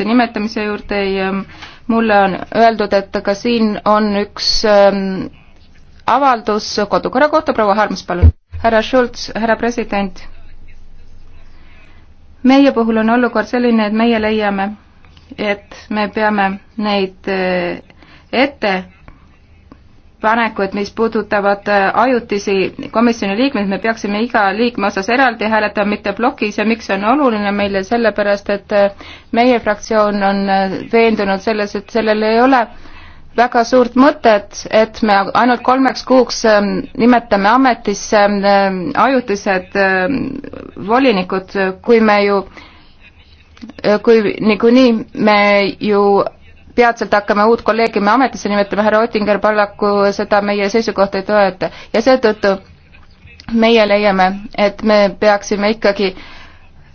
ametisse nimetamise juurde ei, mulle on öeldud, et ka siin on üks ähm, avaldus kodukorra kohta, proua Harms, palun. härra Schulz, härra president, meie puhul on olukord selline, et meie leiame, et me peame neid äh, ette ettepanekuid, mis puudutavad äh, ajutisi komisjoni liikmeid, me peaksime iga liikme osas eraldi hääletama, mitte plokis ja miks see on oluline meile, sellepärast et äh, meie fraktsioon on äh, veendunud selles, et sellel ei ole väga suurt mõtet, et me ainult kolmeks kuuks ähm, nimetame ametisse ähm, ajutised ähm, volinikud, kui me ju kui niikuinii me ju peatselt hakkame uut kolleegiumi ametisse nimetama, härra Ottinger paraku seda meie seisukohta ei toeta ja seetõttu meie leiame, et me peaksime ikkagi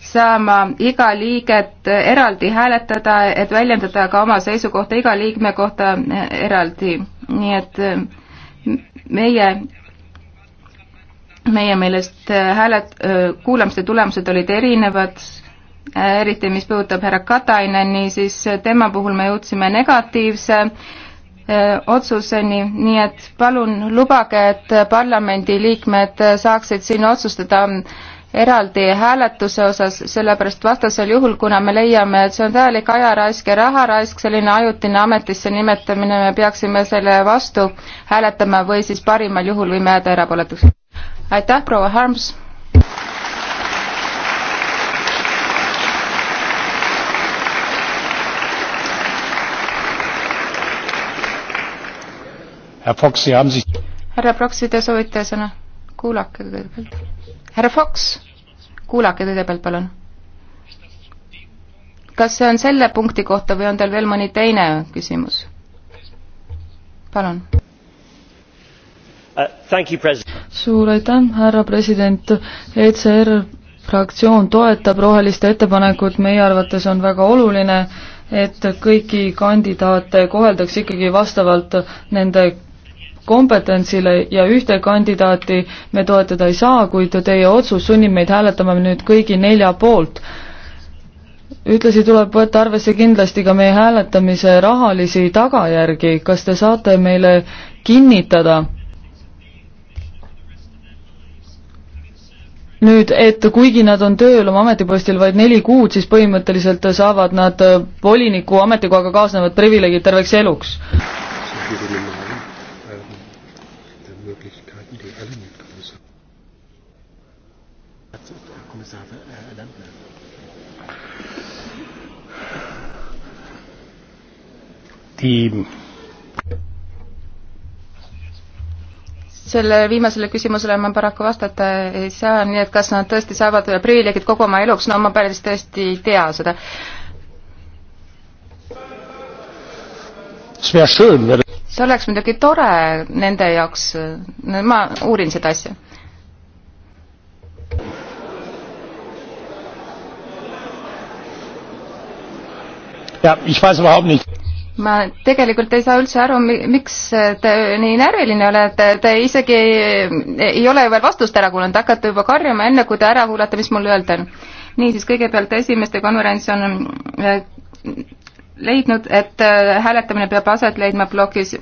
saama iga liiget eraldi hääletada, et väljendada ka oma seisukohta iga liikme kohta eraldi, nii et meie meie meelest hääled, kuulamiste tulemused olid erinevad eriti mis puudutab härra Kataineni, siis tema puhul me jõudsime negatiivse eh, otsuseni, nii et palun lubage, et parlamendiliikmed saaksid siin otsustada eraldi hääletuse osas, sellepärast vastasel juhul, kuna me leiame, et see on täielik ajaraisk ja raharaisk, selline ajutine ametisse nimetamine, me peaksime selle vastu hääletama või siis parimal juhul võime jääda erapooletuks. aitäh, proua Harms! härra Fox, te soovite sõna? kuulake kõigepealt. härra Fox, kuulake kõigepealt, palun. kas see on selle punkti kohta või on teil veel mõni teine küsimus? palun uh,. suur aitäh, härra president, ECR fraktsioon toetab roheliste ettepanekut, meie arvates on väga oluline, et kõiki kandidaate koheldakse ikkagi vastavalt nende kompetentsile ja ühte kandidaati me toetada ei saa, kuid teie otsus sunnib meid hääletama nüüd kõigi nelja poolt. ühtlasi tuleb võtta arvesse kindlasti ka meie hääletamise rahalisi tagajärgi, kas te saate meile kinnitada, nüüd, et kuigi nad on tööl oma ametipostil vaid neli kuud, siis põhimõtteliselt saavad nad voliniku ametikohaga kaasnevad privileegid terveks eluks. die selle viimasele küsimusele ma paraku vastata ei saa, nii et kas nad tõesti saavad privileegid kogu oma eluks, no ma päris tõesti ei tea seda. see oleks muidugi tore nende jaoks, ma uurin seda asja. Ja, ich weiß überhaupt nicht ma tegelikult ei saa üldse aru, miks te nii närviline olete, te isegi ei ole ju veel vastust ära kuulanud, hakkate juba karjuma, enne kui te ära kuulate, mis mul öelda on. niisiis, kõigepealt esimeste konverents on äh, leidnud, et äh, hääletamine peab aset leidma blogis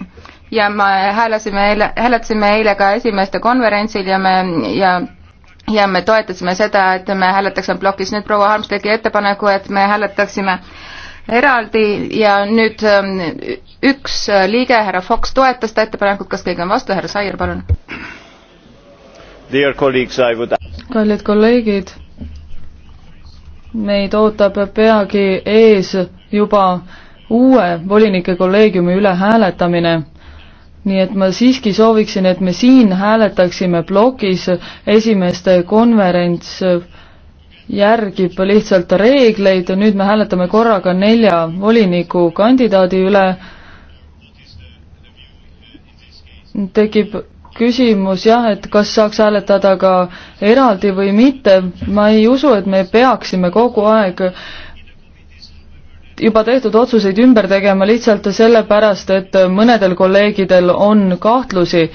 ja me häälesime eile, hääletasime eile ka esimeste konverentsil ja me ja ja me toetasime seda, et me hääletaksime plokis, nüüd proua Harms tegi ettepaneku, et me hääletaksime äh, eraldi ja nüüd ähm, üks liige, härra Fox, toetas seda ettepanekut, kas keegi on vastu, härra Saier, palun. Would... kallid kolleegid, meid ootab peagi ees juba uue volinike kolleegiumi üle hääletamine nii et ma siiski sooviksin, et me siin hääletaksime plokis esimeste konverents järgib lihtsalt reegleid ja nüüd me hääletame korraga nelja voliniku kandidaadi üle. tekib küsimus jah, et kas saaks hääletada ka eraldi või mitte, ma ei usu, et me peaksime kogu aeg juba tehtud otsuseid ümber tegema lihtsalt sellepärast, et mõnedel kolleegidel on kahtlusi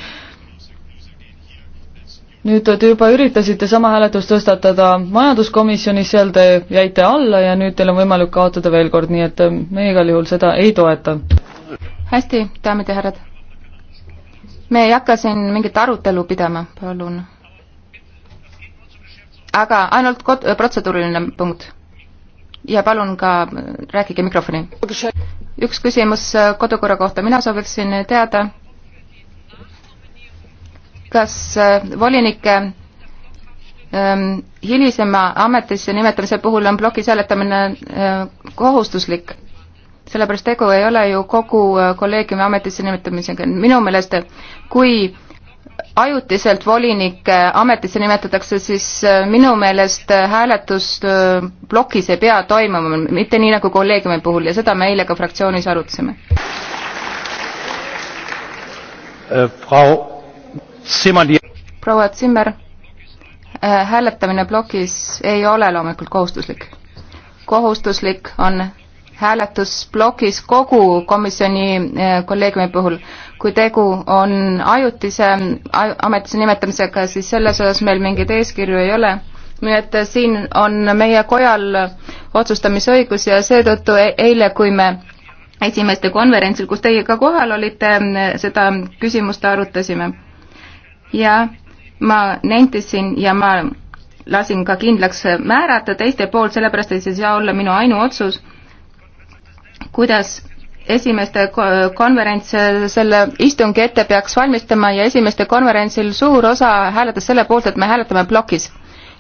nüüd te juba üritasite sama hääletust tõstatada majanduskomisjonis, seal te jäite alla ja nüüd teil on võimalik kaotada veel kord, nii et ähm, me igal juhul seda ei toeta. hästi, daamid ja härrad. me ei hakka siin mingit arutelu pidama, palun. aga ainult kod-, protseduuriline punkt. ja palun ka äh, rääkige mikrofoni. üks küsimus äh, kodukorra kohta, mina sooviksin teada kas äh, volinike ähm, hilisema ametisse nimetamise puhul on plokis hääletamine äh, kohustuslik, sellepärast tegu ei ole ju kogu äh, kolleegiumi ametisse nimetamisega. minu meelest, kui ajutiselt volinik ametisse nimetatakse, siis minu meelest hääletus plokis ei pea toimuma, mitte nii nagu kolleegiumi puhul ja seda me eile ka fraktsioonis arutasime äh,. Frau proua Zimmer, äh, hääletamine plokis ei ole loomulikult kohustuslik. kohustuslik on hääletus plokis kogu komisjoni äh, kolleegiumi puhul. kui tegu on ajutise ametisse nimetamisega, siis selles osas meil mingeid eeskirju ei ole. nii et siin on meie kojal otsustamisõigus ja seetõttu e-, eile, kui me esimeste konverentsil, kus teie ka kohal olite, seda küsimust arutasime ja ma nentisin ja ma lasin ka kindlaks määrata teiste poolt, sellepärast et see ei saa olla minu ainuotsus, kuidas esimeste konverents selle istungi ette peaks valmistama ja esimeste konverentsil suur osa hääletas selle poolt, et me hääletame plokis.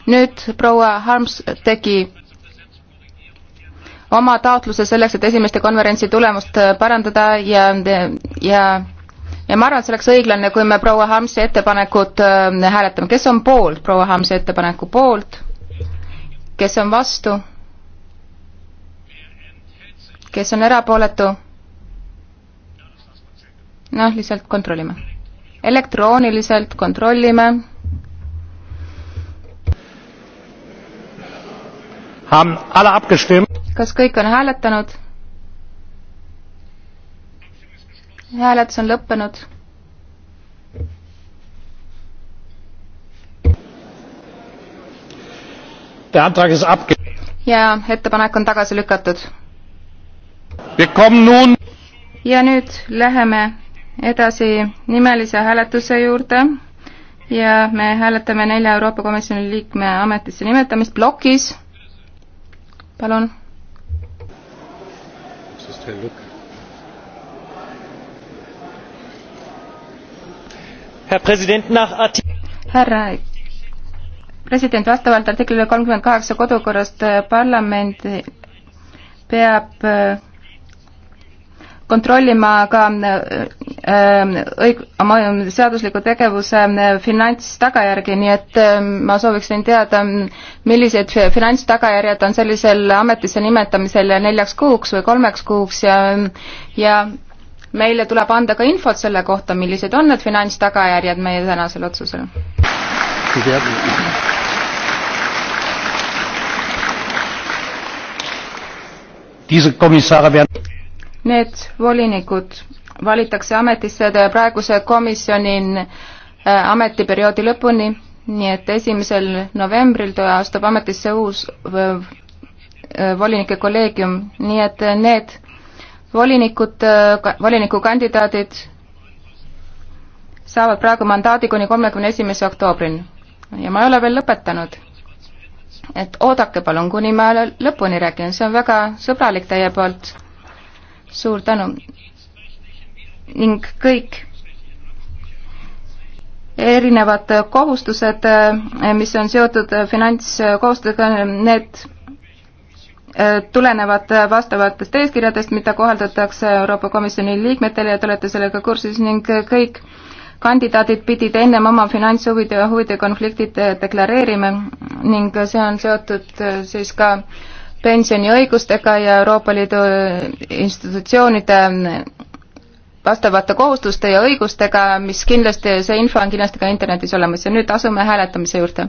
nüüd proua Harms tegi oma taotluse selleks, et esimeste konverentsi tulemust parandada ja, ja ja ma arvan, et see oleks õiglane, kui me proua Harmsi ettepanekut äh, hääletame. kes on poolt proua Harmsi ettepaneku poolt? kes on vastu? kes on erapooletu? noh, lihtsalt kontrollime. elektrooniliselt kontrollime. kas kõik on hääletanud? hääletus on lõppenud. ja ettepanek on tagasi lükatud. ja nüüd läheme edasi nimelise hääletuse juurde ja me hääletame nelja Euroopa Komisjoni liikme ametisse nimetamist plokis. palun. just hea lükk. härra president, vastavalt artiklile kolmkümmend kaheksa kodukorrast äh, parlament peab äh, kontrollima ka äh, õig-, oma seadusliku tegevuse finantstagajärgi, nii et ma sooviksin teada, millised finantstagajärjed on sellisel ametisse nimetamisel neljaks kuuks või kolmeks kuuks ja ja meile tuleb anda ka infot selle kohta, millised on need finantstagajärjed meie tänasel otsusel. Need volinikud valitakse ametisse praeguse komisjoni äh, ametiperioodi lõpuni, nii et esimesel novembril astub ametisse uus äh, äh, volinike kolleegium, nii et need volinikud, äh, volinikukandidaadid saavad praegu mandaadi kuni kolmekümne esimese oktoobrini. ja ma ei ole veel lõpetanud. et oodake palun, kuni ma lõpuni räägin, see on väga sõbralik teie poolt. suur tänu. ning kõik erinevad kohustused, äh, mis on seotud äh, finantskohustustega, need Äh, tulenevad äh, vastavatest eeskirjadest, mida kohaldatakse Euroopa Komisjoni liikmetele ja te olete sellega kursis ning kõik kandidaadid pidid ennem oma finantshuvide ja huvide konfliktid äh, deklareerima ning see on seotud siis ka pensioniõigustega ja Euroopa Liidu institutsioonide vastavate kohustuste ja õigustega, mis kindlasti, see info on kindlasti ka internetis olemas ja nüüd asume hääletamise juurde.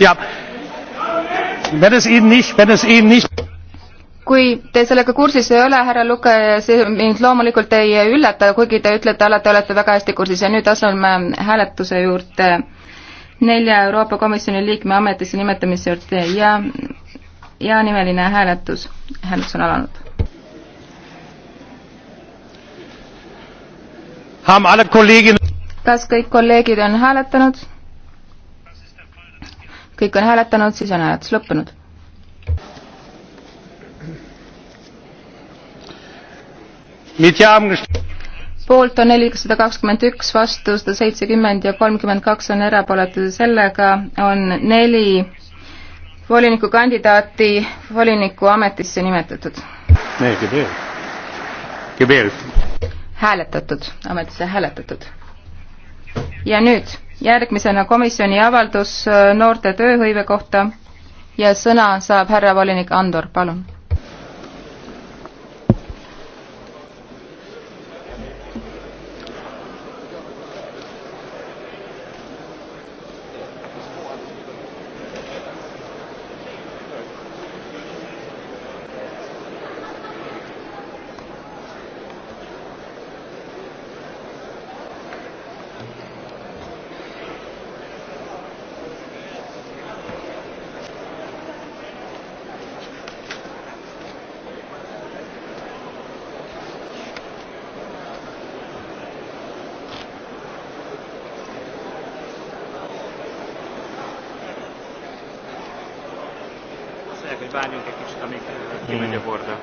jah kui te sellega kursis ei ole, härra Luke, see mind loomulikult ei üllata, kuigi te ütlete alati, olete väga hästi kursis ja nüüd asume hääletuse juurde nelja Euroopa Komisjoni liikme ametisse nimetamise juurde ja, ja nimeline hääletus, hääletus on alanud. kas kõik kolleegid on hääletanud? kõik on hääletanud, siis on hääletus lõppenud. poolt on nelisada kakskümmend üks, vastu sada seitsekümmend ja kolmkümmend kaks on erapooletud ja sellega on neli volinikukandidaati voliniku ametisse nimetatud. hääletatud, ametisse hääletatud. ja nüüd järgmisena komisjoni avaldus äh, noorte tööhõive kohta ja sõna saab härra volinik Andor, palun hogy várjunk egy kicsit, amíg hm. kimegy a borda.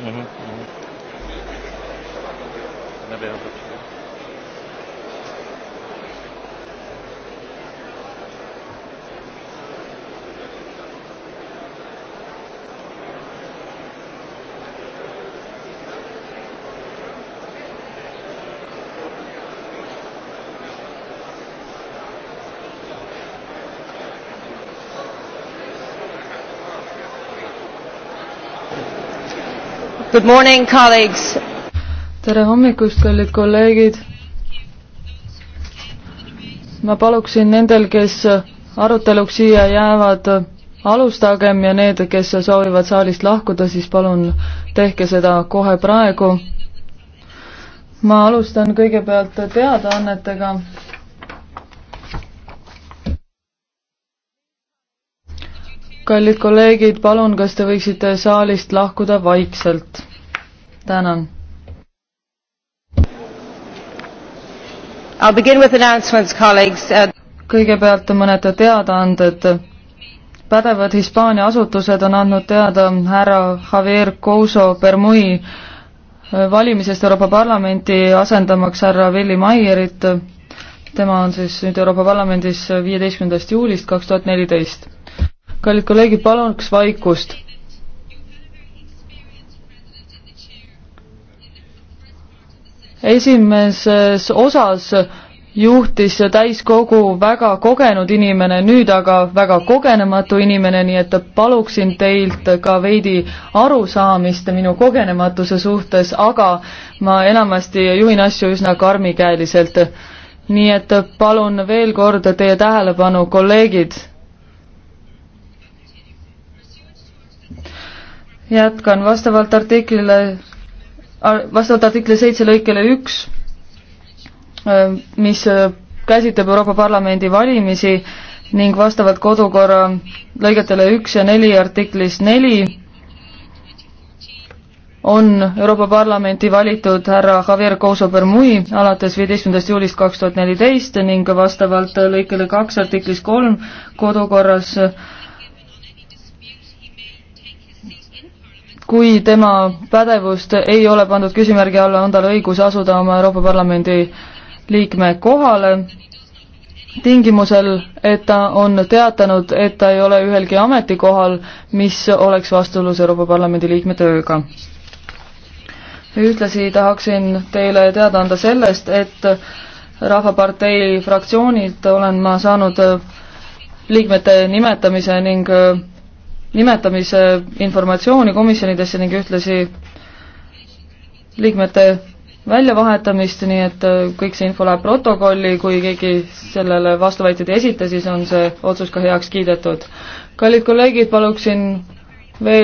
Uh-huh, uh-huh. Ne bejelentettem. Good morning, colleagues. tere hommikust, kallid kolleegid. ma paluksin nendel, kes aruteluks siia jäävad, alustagem ja need, kes soovivad saalist lahkuda, siis palun tehke seda kohe praegu. ma alustan kõigepealt teadaannetega kallid kolleegid, palun, kas te võiksite saalist lahkuda vaikselt? tänan. Uh, kõigepealt mõned teadaanded. pädevad Hispaania asutused on andnud teada härra Javier Couso Bermui valimisest Euroopa Parlamenti, asendamaks härra Willie Meyerit. tema on siis nüüd Euroopa Parlamendis viieteistkümnendast juulist kaks tuhat neliteist kallid kolleegid, paluks vaikust. esimeses osas juhtis täiskogu väga kogenud inimene, nüüd aga väga kogenematu inimene, nii et paluksin teilt ka veidi arusaamist minu kogenematuse suhtes, aga ma enamasti juhin asju üsna karmikäeliselt. nii et palun veel kord teie tähelepanu, kolleegid jätkan vastavalt artiklile, vastavalt artikli seitse lõikele üks, mis käsitleb Euroopa Parlamendi valimisi ning vastavalt kodukorra lõigetele üks ja neli artiklis neli on Euroopa Parlamenti valitud härra Javier Couso Bermui alates viieteistkümnendast juulist kaks tuhat neliteist ning vastavalt lõikele kaks artiklis kolm kodukorras kui tema pädevust ei ole pandud küsimärgi alla, on tal õigus asuda oma Euroopa Parlamendi liikme kohale, tingimusel, et ta on teatanud, et ta ei ole ühelgi ametikohal, mis oleks vastuolus Euroopa Parlamendi liikme tööga. ühtlasi tahaksin teile teada anda sellest, et Rahvapartei fraktsioonilt olen ma saanud liikmete nimetamise ning nimetamise informatsiooni komisjonidesse ning ühtlasi liikmete väljavahetamist, nii et äh, kõik see info läheb protokolli, kui keegi sellele vastuväiteid ei esita, siis on see otsus ka heaks kiidetud. kallid kolleegid, paluksin